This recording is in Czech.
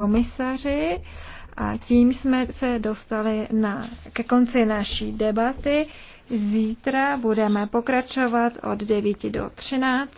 komisaři a tím jsme se dostali na, ke konci naší debaty. Zítra budeme pokračovat od 9 do 13.